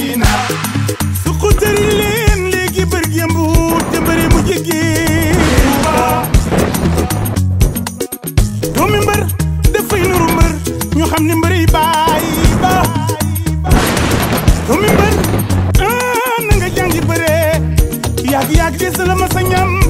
Medina su xutari leen léegi bër yëmbu jëmbëri mu jege doomi mbër dafay nuru mbër ñu xam ne mbëri baay ba doomi mbër ah, na nga jàngi bëree yàgg-yàgg des la ma sa ñam